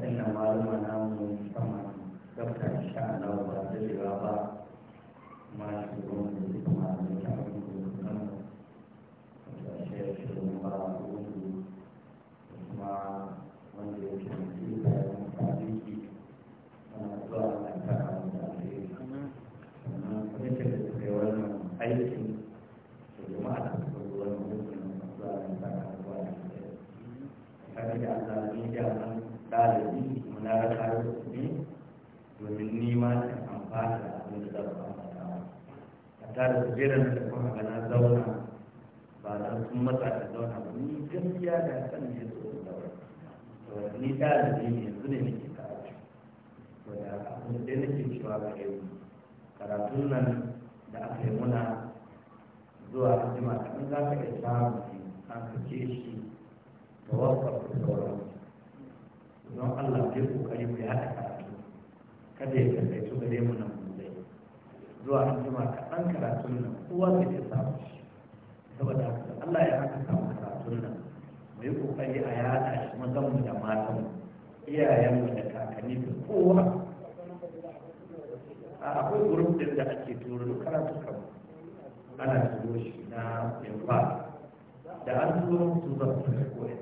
sannan malama mu musamman dokta insha Allah ba da ba ma shugaban domin ni ma ta amfani da abin da za ku amfana a tare da jeran da kuma ga na zauna ba da sun matsa da zauna ba ni gaskiya da san ne so da zauna ni da ɗalibi ne su ne ke karatu to da abin da ke cewa ga yau karatun nan da aka yi muna zuwa jima kaɗan za ka iya samun an kake shi da wasu da sauransu don Allah ya kokari mu ya karatu kada ya kasance gare mu nan mulai zuwa an jima kaɗan karatun nan kowa zai ta samu shi saboda Allah ya haka samu karatun nan mu yi kokari a yaɗa shi mazan mu da matan mu iyayen mu da kakanni da kowa a akwai gurin din da ake turo karatu kan ana turo shi na yanfa da an turo su zan su koyar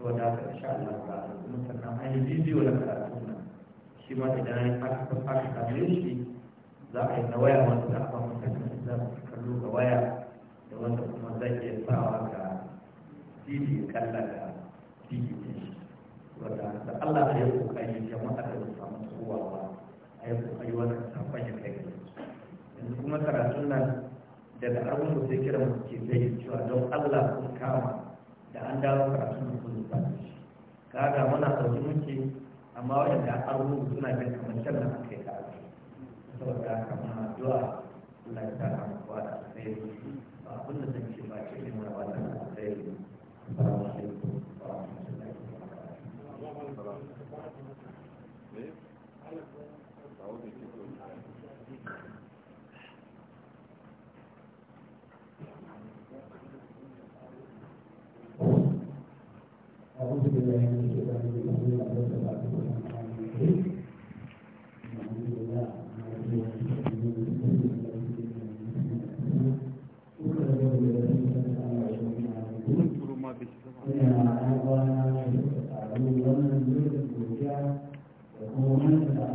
saboda haka insha Allah ta'ala kuma sannan an yi bidiyo na karatu nan shi ma idan aka fara kalle shi za a yi na waya wanda za a ba mutane za su kallo ga waya da wanda kuma zai iya sawa ga didi ya kalla ga didi ɗin shi wanda da Allah ya yi kokari jama'a da su samu kowa ba a yi kokari wannan sakon ya kai gare su yanzu kuma karatun nan daga abin da sai kiran ke zai yi cewa don Allah kun kama da an dawo karatun da kuma ba da shi kaga muna ɗauki muke amma da an rubu suna jin kamar can nan aka yi karatun saboda haka muna addu'a Allah ya sa da sai ba abin da zan ce ba ce ne ba wannan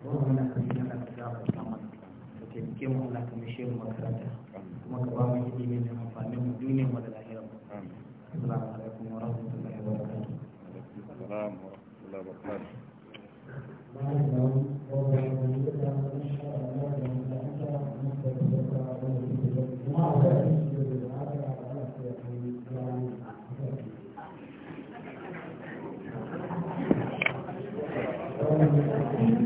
wannan yi na kasa za ka da taimake mu Allah ka mishe mu makaranta kuma ka ba mu ilimi da amfani mu duniya mu da lahira mu assalamu alaikum wa rahmatullahi wa Thank you.